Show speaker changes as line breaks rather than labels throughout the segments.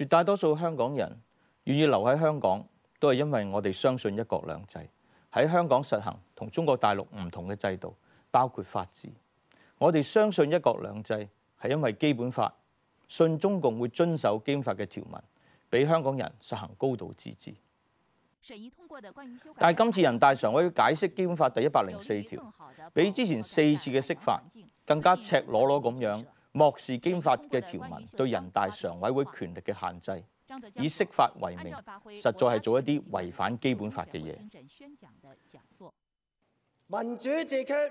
絕大多數香港人願意留喺香港，都係因為我哋相信一國兩制喺香港實行同中國大陸唔同嘅制度，包括法治。我哋相信一國兩制係因為基本法，信中共會遵守基本法嘅條文，俾香港人實行高度自治。但係今次人大常委解釋基本法第一百零四條，比之前四次嘅釋法更加赤裸裸咁樣。漠視經法嘅條文對人大常委會權力嘅限制，以釋法為名，實在係做一啲違反基本法嘅嘢。民主自決，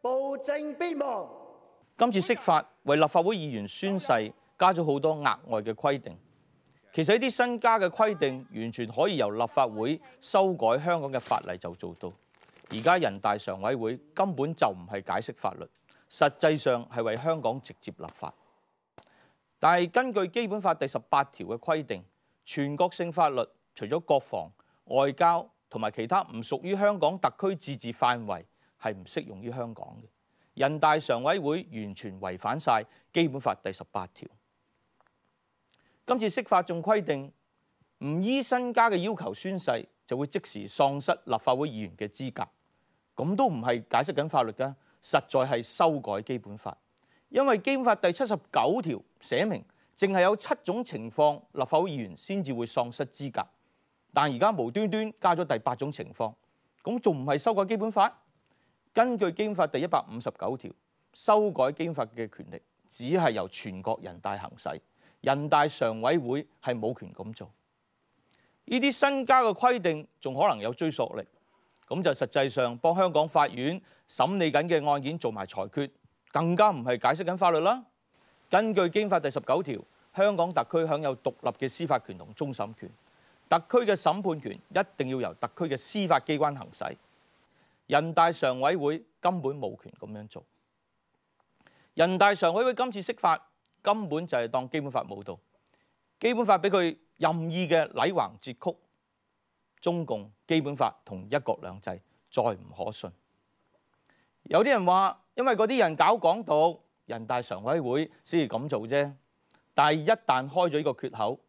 暴政必亡。今次釋法為立法會議員宣誓加咗好多額外嘅規定，其實一啲新加嘅規定完全可以由立法會修改香港嘅法例就做到。而家人大常委會根本就唔係解釋法律。實際上係為香港直接立法，但係根據基本法第十八條嘅規定，全國性法律除咗國防、外交同埋其他唔屬於香港特區自治範圍，係唔適用於香港嘅。人大常委會完全違反晒基本法第十八條。今次釋法仲規定，唔依身家嘅要求宣誓，就會即時喪失立法會議員嘅資格，咁都唔係解釋緊法律㗎。實在係修改基本法，因為基本法第七十九條寫明，淨係有七種情況立法會議員先至會喪失資格。但而家無端端加咗第八種情況，咁仲唔係修改基本法？根據基本法第一百五十九條，修改基本法嘅權力只係由全國人大行使，人大常委會係冇權咁做。呢啲新加嘅規定仲可能有追溯力。咁就實際上幫香港法院審理緊嘅案件做埋裁決，更加唔係解釋緊法律啦。根據《經法》第十九條，香港特區享有獨立嘅司法權同終審權，特區嘅審判權一定要由特區嘅司法機關行使，人大常委會根本無權咁樣做。人大常委會今次釋法根本就係當基本法冇到，基本法俾佢任意嘅禮橫折曲。中共基本法同一國兩制再唔可信，有啲人話，因為嗰啲人搞港獨，人大常委會會先至咁做啫。但係一旦開咗呢個缺口，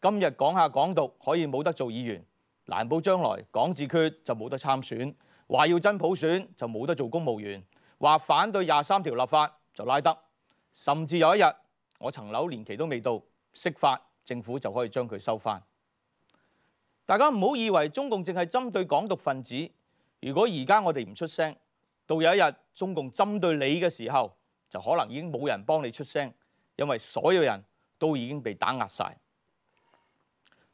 今日講下港獨可以冇得做議員，難保將來港自決就冇得參選，話要真普選就冇得做公務員，話反對廿三條立法就拉得，甚至有一日我層樓年期都未到，釋法政府就可以將佢收返。大家唔好以為中共淨係針對港獨分子，如果而家我哋唔出聲，到有一日中共針對你嘅時候，就可能已經冇人幫你出聲，因為所有人都已經被打壓晒。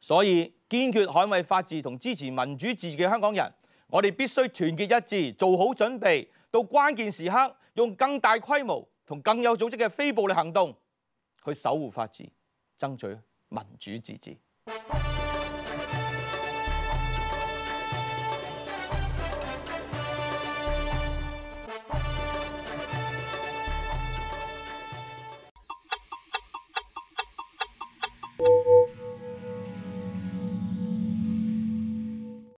所以，堅決捍衞法治同支持民主自治嘅香港人，我哋必須團結一致，做好準備，到關鍵時刻用更大規模同更有組織嘅非暴力行動去守護法治，爭取民主自治。